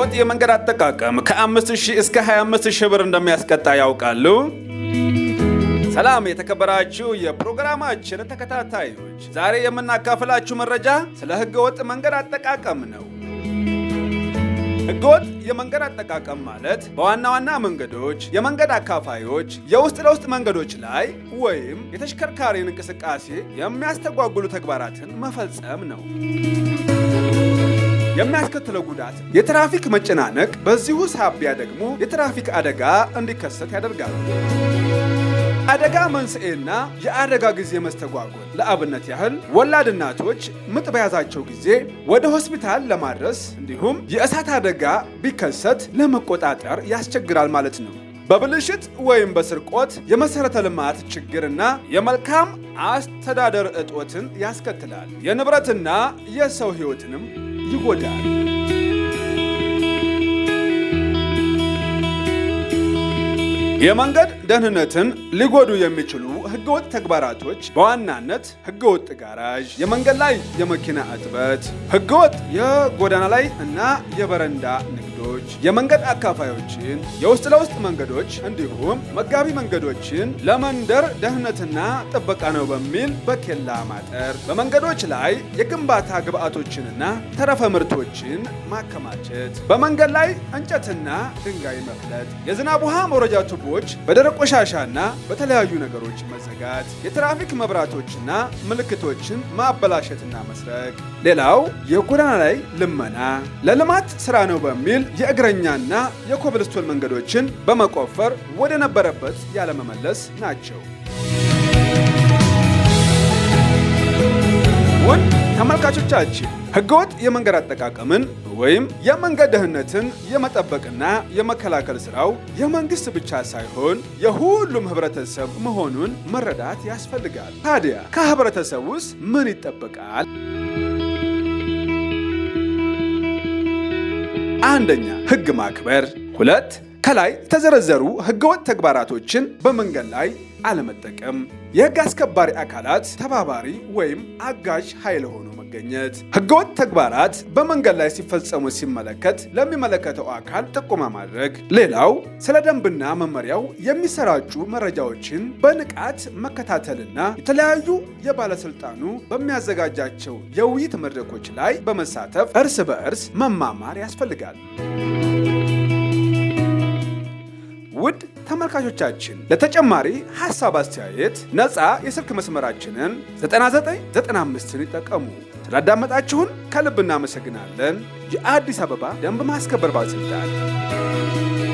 ህገወጥ የመንገድ አጠቃቀም ከ5000 እስከ 25000 ብር እንደሚያስቀጣ ያውቃሉ? ሰላም የተከበራችሁ የፕሮግራማችን ተከታታዮች፣ ዛሬ የምናካፍላችሁ መረጃ ስለ ህገወጥ መንገድ አጠቃቀም ነው። ህገወጥ የመንገድ አጠቃቀም ማለት በዋና ዋና መንገዶች፣ የመንገድ አካፋዮች፣ የውስጥ ለውስጥ መንገዶች ላይ ወይም የተሽከርካሪን እንቅስቃሴ የሚያስተጓጉሉ ተግባራትን መፈጸም ነው። የሚያስከትለው ጉዳት የትራፊክ መጨናነቅ፣ በዚሁ ሳቢያ ደግሞ የትራፊክ አደጋ እንዲከሰት ያደርጋል። አደጋ መንስኤና የአደጋ ጊዜ መስተጓጎል ለአብነት ያህል ወላድ እናቶች ምጥ በያዛቸው ጊዜ ወደ ሆስፒታል ለማድረስ እንዲሁም የእሳት አደጋ ቢከሰት ለመቆጣጠር ያስቸግራል ማለት ነው። በብልሽት ወይም በስርቆት የመሰረተ ልማት ችግርና የመልካም አስተዳደር እጦትን ያስከትላል። የንብረትና የሰው ሕይወትንም ይጎዳል። የመንገድ ደህንነትን ሊጎዱ የሚችሉ ህገወጥ ተግባራቶች በዋናነት ህገወጥ ጋራዥ፣ የመንገድ ላይ የመኪና እጥበት፣ ህገወጥ የጎዳና ላይ እና የበረንዳ መንገዶች፣ የመንገድ አካፋዮችን፣ የውስጥ ለውስጥ መንገዶች እንዲሁም መጋቢ መንገዶችን ለመንደር ደህንነትና ጥበቃ ነው በሚል በኬላ ማጠር፣ በመንገዶች ላይ የግንባታ ግብዓቶችንና ተረፈ ምርቶችን ማከማቸት፣ በመንገድ ላይ እንጨትና ድንጋይ መፍለጥ፣ የዝናብ ውሃ መውረጃ ቱቦች በደረቅ ቆሻሻና በተለያዩ ነገሮች መዘጋት፣ የትራፊክ መብራቶችና ምልክቶችን ማበላሸትና መስረቅ። ሌላው የጎዳና ላይ ልመና ለልማት ስራ ነው በሚል የእግረኛና የኮብልስቶን መንገዶችን በመቆፈር ወደ ነበረበት ያለመመለስ ናቸው። ውድ ተመልካቾቻችን ህገወጥ የመንገድ አጠቃቀምን ወይም የመንገድ ደህንነትን የመጠበቅና የመከላከል ስራው የመንግስት ብቻ ሳይሆን የሁሉም ህብረተሰብ መሆኑን መረዳት ያስፈልጋል። ታዲያ ከህብረተሰብ ውስጥ ምን ይጠበቃል? አንደኛ ህግ ማክበር፣ ሁለት ከላይ የተዘረዘሩ ህገወጥ ተግባራቶችን በመንገድ ላይ አለመጠቀም፣ የህግ አስከባሪ አካላት ተባባሪ ወይም አጋዥ ኃይል ሆኖ መገኘት፣ ህገወጥ ተግባራት በመንገድ ላይ ሲፈጸሙ ሲመለከት ለሚመለከተው አካል ጥቆማ ማድረግ። ሌላው ስለ ደንብና መመሪያው የሚሰራጩ መረጃዎችን በንቃት መከታተልና የተለያዩ የባለስልጣኑ በሚያዘጋጃቸው የውይይት መድረኮች ላይ በመሳተፍ እርስ በእርስ መማማር ያስፈልጋል። ተመልካቾቻችን ለተጨማሪ ሀሳብ አስተያየት ነፃ የስልክ መስመራችንን 9995ን ይጠቀሙ። ስላዳመጣችሁን ከልብ እናመሰግናለን። የአዲስ አበባ ደንብ ማስከበር ባለስልጣን